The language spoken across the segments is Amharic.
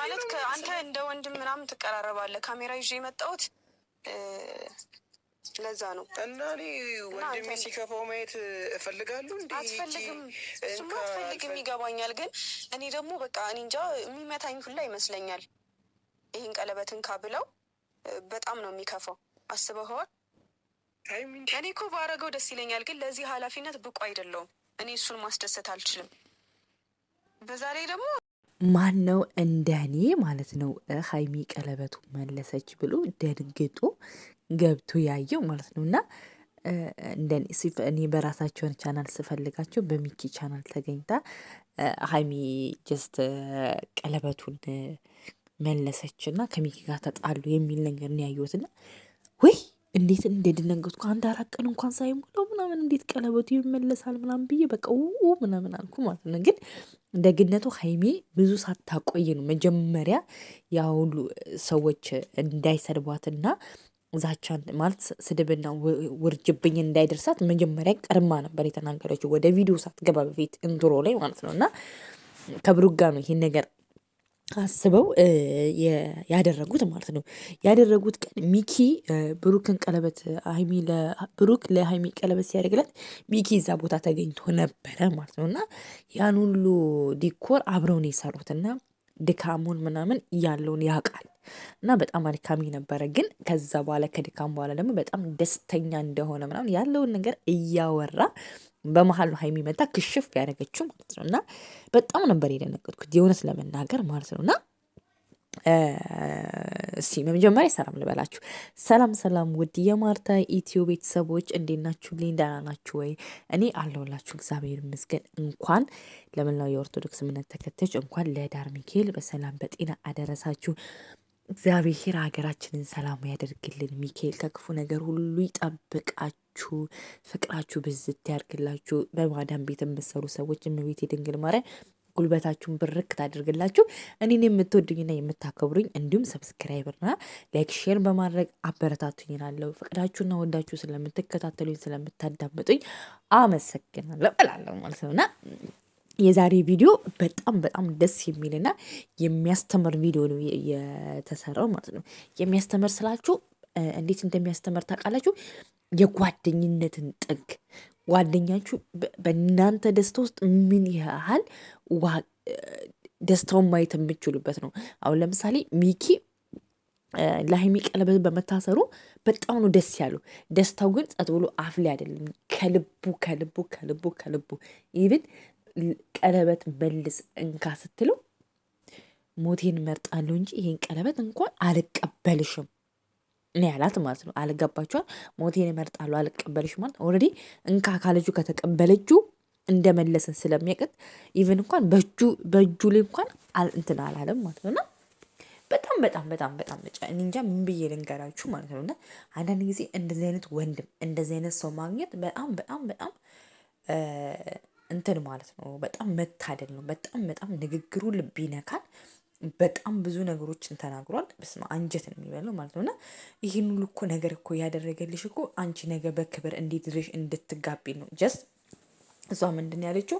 ማለት አንተ እንደ ወንድም ምናምን ትቀራረባለህ። ካሜራ ይዤ የመጣሁት ለዛ ነው እና እኔ ወንድሜ ሲከፋው ማየት እፈልጋለሁ። እንዲ አትፈልግም፣ እሱም አትፈልግም፣ ይገባኛል። ግን እኔ ደግሞ በቃ እኔ እንጃ የሚመታኝ ሁላ ይመስለኛል። ይህን ቀለበትን ካብለው በጣም ነው የሚከፋው። አስበኸዋል? እኔ እኮ ባረገው ደስ ይለኛል፣ ግን ለዚህ ኃላፊነት ብቁ አይደለውም። እኔ እሱን ማስደሰት አልችልም። በዛ ላይ ደግሞ ማን ነው እንደኔ ማለት ነው ሀይሚ ቀለበቱ መለሰች ብሎ ደንግጦ ገብቶ ያየው ማለት ነው። እና እንደኔ እኔ በራሳቸውን ቻናል ስፈልጋቸው በሚኪ ቻናል ተገኝታ ሀይሚ ጀስት ቀለበቱን መለሰች እና ከሚኪ ጋር ተጣሉ የሚል ነገር ነው ያየሁት። እና ወይ እንዴት እንደደነገጥኩ አንድ አራት ቀን እንኳን ሳይሞላ ምናምን እንዴት ቀለበቱ ይመለሳል ምናምን ብዬ በቃ ው ምናምን አልኩ ማለት ነው። ግን ደግነቱ ሀይሜ ብዙ ሳታቆይ ነው መጀመሪያ ያ ሁሉ ሰዎች እንዳይሰድቧትና ዛቻን ማለት ስድብና ውርጅብኝ እንዳይደርሳት መጀመሪያ ቀርማ ነበር የተናገረችው ወደ ቪዲዮ ሳትገባ በፊት እንትሮ ላይ ማለት ነው። እና ከብሩጋ ነው ይህን ነገር አስበው ያደረጉት ማለት ነው። ያደረጉት ቀን ሚኪ ብሩክን ቀለበት ሀይሚ ብሩክ ለሀይሚ ቀለበት ሲያደርግለት ሚኪ እዛ ቦታ ተገኝቶ ነበረ ማለት ነው። እና ያን ሁሉ ዲኮር አብረውን የሰሩት እና ድካሙን ምናምን ያለውን ያውቃል እና በጣም አድካሚ ነበረ። ግን ከዛ በኋላ ከድካም በኋላ ደግሞ በጣም ደስተኛ እንደሆነ ምናምን ያለውን ነገር እያወራ በመሀል ሀይሚ የሚመጣ ክሽፍ ያደረገችው ማለት ነው። እና በጣም ነበር የደነገጥኩት የእውነት ለመናገር ማለት ነው እና እስቲ በመጀመሪያ ሰላም ልበላችሁ። ሰላም ሰላም፣ ውድ የማርታ ኢትዮ ቤተሰቦች እንዴት ናችሁ? ልኝ ደህና ናችሁ ወይ? እኔ አለሁላችሁ እግዚአብሔር ይመስገን። እንኳን ለመላው የኦርቶዶክስ እምነት ተከታዮች እንኳን ለዳር ሚካኤል በሰላም በጤና አደረሳችሁ። እግዚአብሔር ሀገራችንን ሰላም ያደርግልን። ሚካኤል ከክፉ ነገር ሁሉ ይጠብቃችሁ። ይስጣችሁ፣ ፍቅራችሁ ብዝት ያርግላችሁ። በማዳም ቤት የምትሰሩ ሰዎች እመቤቴ ድንግል ማርያም ጉልበታችሁን ብርክ ታደርግላችሁ። እኔን የምትወዱኝና የምታከብሩኝ እንዲሁም ሰብስክራይበርና ላይክ፣ ሼር በማድረግ አበረታቱኝ እላለሁ። ፍቅዳችሁና ወዳችሁ ስለምትከታተሉኝ ስለምታዳምጡኝ አመሰግናለሁ እላለሁ ማለት ነውና የዛሬ ቪዲዮ በጣም በጣም ደስ የሚልና የሚያስተምር ቪዲዮ ነው የተሰራው ማለት ነው። የሚያስተምር ስላችሁ እንዴት እንደሚያስተምር ታውቃላችሁ? የጓደኝነትን ጥግ ጓደኛችሁ በእናንተ ደስታ ውስጥ ምን ያህል ደስታውን ማየት የምችሉበት ነው። አሁን ለምሳሌ ሚኪ ለሀይሚ ቀለበት በመታሰሩ በጣም ነው ደስ ያለው። ደስታው ግን ጸጥ ብሎ አፍ ላይ አይደለም፣ ከልቡ ከልቡ ከልቡ ከልቡ ይብን ቀለበት መልስ እንካ ስትለው ሞቴን መርጣለሁ እንጂ ይሄን ቀለበት እንኳን አልቀበልሽም እኔ ያላት ማለት ነው። አልገባችኋል? ሞቴን እመርጣለሁ አልቀበልሽ ማለት ኦልሬዲ እንካ ካለችው ከተቀበለችው እንደመለሰ ስለሚያቅት ኢቨን እንኳን በእጁ ላይ እንኳን እንትን አላለም ማለት ነው። እና በጣም በጣም በጣም በጣም እንጃ ምን ብዬ ልንገራችሁ ማለት ነው። እና አንዳንድ ጊዜ እንደዚህ አይነት ወንድም እንደዚህ አይነት ሰው ማግኘት በጣም በጣም በጣም እንትን ማለት ነው። በጣም መታደል ነው። በጣም በጣም ንግግሩ ልብ ይነካል። በጣም ብዙ ነገሮችን ተናግሯል። በስመ አንጀት ነው የሚበለው ማለት ነው። እና ይህን ሁሉ እኮ ነገር እኮ ያደረገልሽ እኮ አንቺ ነገ በክብር እንዲድርሽ እንድትጋቢ ነው። ጀስ እሷ ምንድን ያለችው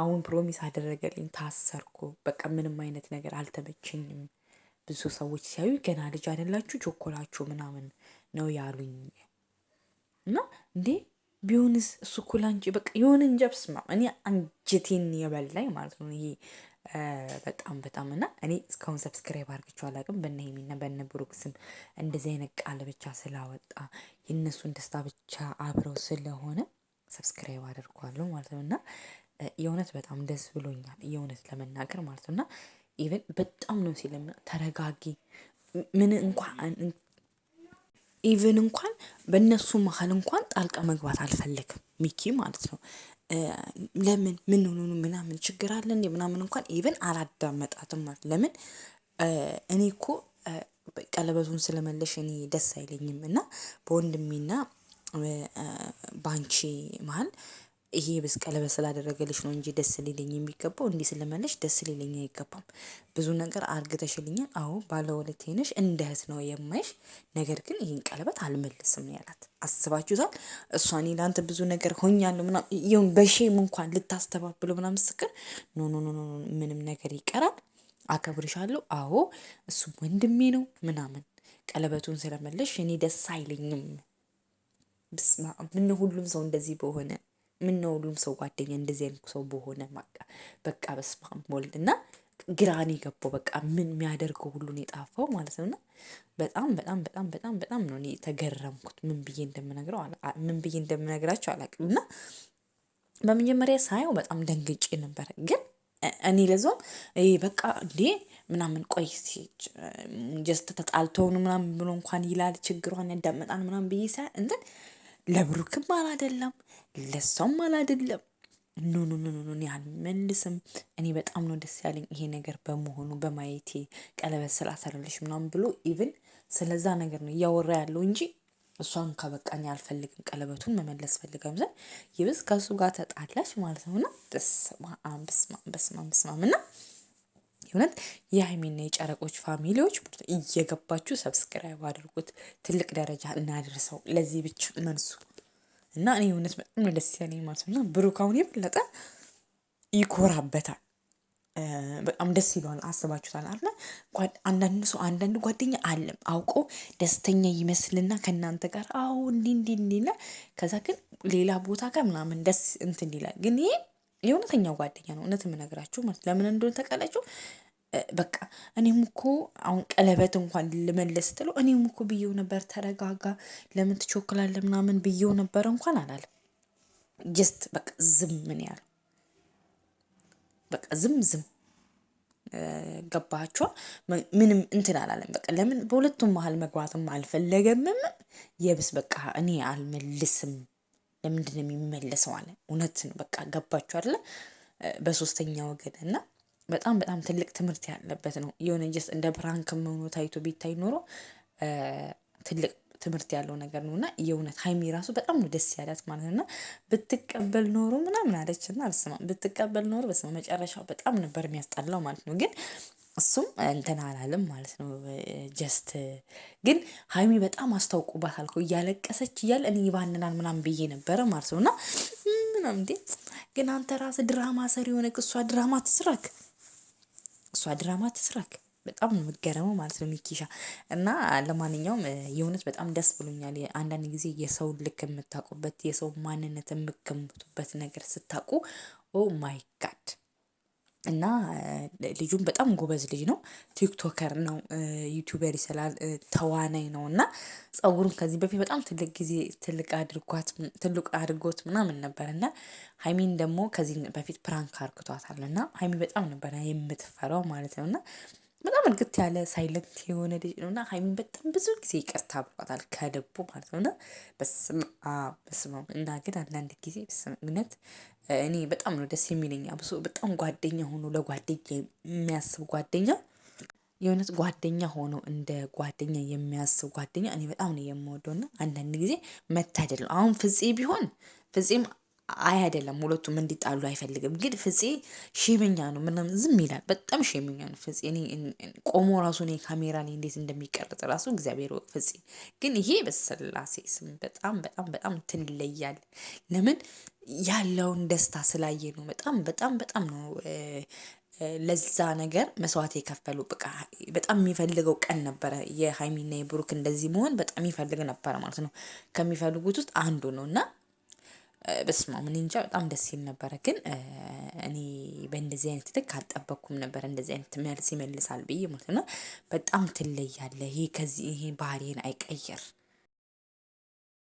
አሁን ፕሮሚስ አደረገልኝ፣ ታሰርኩ፣ በቃ ምንም አይነት ነገር አልተመቸኝም፣ ብዙ ሰዎች ሲያዩ ገና ልጅ አይደላችሁ ቾኮላችሁ ምናምን ነው ያሉኝ እና እንዴ ቢሆንስ እሱ እኮ ላንቺ በቃ የሆነ እንጃ። በስመ አብ እኔ አንጀቴን የበላኝ ማለት ነው ይሄ በጣም በጣም እና እኔ እስካሁን ሰብስክራይብ አድርግቼው አላውቅም። በነ ሄሚና በነ ብሩክ ስም እንደዚህ አይነት ቃል ብቻ ስላወጣ የእነሱን ደስታ ብቻ አብረው ስለሆነ ሰብስክራይብ አድርጓለሁ ማለት ነው እና የእውነት በጣም ደስ ብሎኛል። የእውነት ለመናገር ማለት ነው እና ኢቨን በጣም ነው ሲልም ተረጋጊ ምን እንኳን ኢቨን እንኳን በእነሱ መሀል እንኳን ጣልቃ መግባት አልፈለግም ሚኪ ማለት ነው ለምን ምን ሆኑ ምናምን ችግር አለ እንዴ ምናምን እንኳን ኢቨን አላዳመጣትም ማለት ለምን እኔ እኮ ቀለበቱን ስለመለሽ እኔ ደስ አይለኝም እና በወንድሜና በአንቺ መሀል ይሄ የብስ ቀለበት ስላደረገልሽ ነው እንጂ ደስ ሊለኝ የሚገባው እንዲህ ስለመለሽ ደስ ሊለኝ አይገባም። ብዙ ነገር አርግተሽልኛል። አዎ ባለውለቴ ነሽ፣ እንደ እህት ነው የማይሽ። ነገር ግን ይህን ቀለበት አልመልስም ነው ያላት። አስባችሁታል? እሷ እኔ ለአንተ ብዙ ነገር ሆኛለሁ ምናምን በሼም እንኳን ልታስተባብለው ምናምን ስትቀር ኖ ኖ ኖ፣ ምንም ነገር ይቀራል፣ አከብርሻለሁ። አዎ እሱ ወንድሜ ነው ምናምን ቀለበቱን ስለመለሽ እኔ ደስ አይለኝም። ብስማ ምን ሁሉም ሰው እንደዚህ በሆነ ምን ነው ሁሉም ሰው ጓደኛ እንደዚህ አይነት ሰው በሆነ ማቃ በቃ በስማም ወልድ እና ግራኔ ገባው በቃ ምን የሚያደርገው ሁሉን የጣፈው ማለት ነውና በጣም በጣም በጣም በጣም በጣም ነው እኔ የተገረምኩት። ምን ብዬ እንደምነግረው ምን ብዬ እንደምነግራቸው አላውቅም። እና በመጀመሪያ ሳየው በጣም ደንግጬ ነበረ። ግን እኔ ለዞም በቃ እንዴ ምናምን ቆይ ጀስት ተጣልተውን ምናምን ብሎ እንኳን ይላል ችግሯን ያዳመጣን ምናምን ብዬ ሳይ እንትን ለብሩክም አላደላም ለሷም አላደለም። ኖ ኖ ኖ ኖ አልመልስም። እኔ በጣም ነው ደስ ያለኝ ይሄ ነገር በመሆኑ በማየቴ ቀለበት ስላሰረልሽ ምናምን ብሎ ኢቭን ስለዛ ነገር ነው እያወራ ያለው እንጂ እሷን ከበቃኝ አልፈልግም ቀለበቱን መመለስ ፈልገም ዘን ይብስ ከሱ ጋር ተጣላሽ ማለት ነው። ና በስመ አብ በስመ አብ በስመ አብ የእውነት የሀይሚና የጨረቆች ፋሚሊዎች እየገባችሁ ሰብስክራይብ አድርጉት። ትልቅ ደረጃ እናደርሰው። ለዚህ ብቻ መንሱ እና እኔ እውነት በጣም ደስ ያለኝ ማለት ነው። ብሩክ አሁን የበለጠ ይኮራበታል። በጣም ደስ ይለዋል። አስባችሁታል አለ አንዳንድ ሰው አንዳንድ ጓደኛ አለም አውቆ ደስተኛ ይመስልና ከእናንተ ጋር አዎ እንዲ እንዲ እንዲለ ከዛ ግን ሌላ ቦታ ጋር ምናምን ደስ እንትን ይላል ግን ይሄ የእውነተኛው ጓደኛ ነው። እውነት የምነግራችሁ ማለት ለምን እንደሆነ ተቃላችሁ። በቃ እኔም እኮ አሁን ቀለበት እንኳን ልመለስ ትለው እኔም እኮ ብየው ነበር፣ ተረጋጋ ለምን ትቾክላለ ምናምን ብየው ነበር እንኳን አላለም። ጀስት በቃ ዝም ምን ያለው በቃ ዝም ዝም ገባቿ ምንም እንትን አላለም። በቃ ለምን በሁለቱም መሀል መግባትም አልፈለገምም። የብስ በቃ እኔ አልመልስም ለምንድነው የሚመለሰው አለ። እውነት ነው በቃ ገባችሁ አይደለ? በሶስተኛ ወገን እና በጣም በጣም ትልቅ ትምህርት ያለበት ነው። የሆነ ጀስት እንደ ፕራንክ መሆኑ ታይቶ ቢታይ ኖሮ ትልቅ ትምህርት ያለው ነገር ነው እና የእውነት ሀይሚ ራሱ በጣም ነው ደስ ያላት ማለት ነው። እና ብትቀበል ኖሮ ምናምን አለች እና ብትቀበል ኖሮ በስመ መጨረሻው በጣም ነበር የሚያስጠላው ማለት ነው ግን እሱም እንትን አላለም ማለት ነው። ጀስት ግን ሀይሚ በጣም አስታውቁባት አልኩ እያለቀሰች እያለ እኔ ይባንናል ምናምን ብዬ ነበረ ማለት ነው። እና ምናምን እንዴ ግን አንተ ራስ ድራማ ሰሪ የሆነ እሷ ድራማ ትስራክ፣ እሷ ድራማ ትስራክ። በጣም ነው የምትገረመው ማለት ነው ሚኪሻ። እና ለማንኛውም የእውነት በጣም ደስ ብሎኛል። አንዳንድ ጊዜ የሰው ልክ የምታውቁበት የሰው ማንነት የምገምቱበት ነገር ስታውቁ ኦ ማይ ጋድ እና ልጁም በጣም ጎበዝ ልጅ ነው። ቲክቶከር ነው፣ ዩቱበር ይሰራል፣ ተዋናይ ነው እና ጸጉሩን ከዚህ በፊት በጣም ትልቅ ጊዜ ትልቅ አድርጓት ትልቅ አድርጎት ምናምን ነበር እና ሀይሚን ደግሞ ከዚህ በፊት ፕራንክ አርግቷታል እና ሀይሚ በጣም ነበር የምትፈራው ማለት ነው እና በጣም እርግት ያለ ሳይለንት የሆነ ልጅ ነው እና ሀይሚን በጣም ብዙ ጊዜ ይቅርታ ብሏታል፣ ከልቡ ማለት ነው እና በስመ አብ እና ግን አንዳንድ ጊዜ እውነት እኔ በጣም ነው ደስ የሚለኛ ብሶ በጣም ጓደኛ ሆኖ ለጓደኛ የሚያስብ ጓደኛ የእውነት ጓደኛ ሆኖ እንደ ጓደኛ የሚያስብ ጓደኛ እኔ በጣም ነው የምወደው እና አንዳንድ ጊዜ መታደል ነው። አሁን ፍፄ ቢሆን ፍፄም አይ አይደለም፣ ሁለቱም እንዲጣሉ አይፈልግም። ግን ፍፄ ሼመኛ ነው፣ ምንም ዝም ይላል። በጣም ሼመኛ ነው ፍፄ። እኔ ቆሞ ራሱ እኔ ካሜራ ላይ እንዴት እንደሚቀርጥ ራሱ እግዚአብሔር ወቅ ፍፄ። ግን ይሄ በስላሴ ስም በጣም በጣም በጣም ትንለያል። ለምን ያለውን ደስታ ስላየ ነው። በጣም በጣም በጣም ነው ለዛ ነገር መስዋዕት የከፈሉ በቃ በጣም የሚፈልገው ቀን ነበረ። የሀይሚና የብሩክ እንደዚህ መሆን በጣም ይፈልግ ነበረ ማለት ነው። ከሚፈልጉት ውስጥ አንዱ ነው እና በስማ ምን እንጃ በጣም ደስ ይል ነበረ። ግን እኔ በእንደዚህ አይነት ልክ አልጠበቅኩም ነበር እንደዚህ አይነት መልስ ይመልሳል ብዬ ማለት ነው። በጣም ትለያለህ ይሄ ከዚህ ይሄ ባህሪን አይቀይር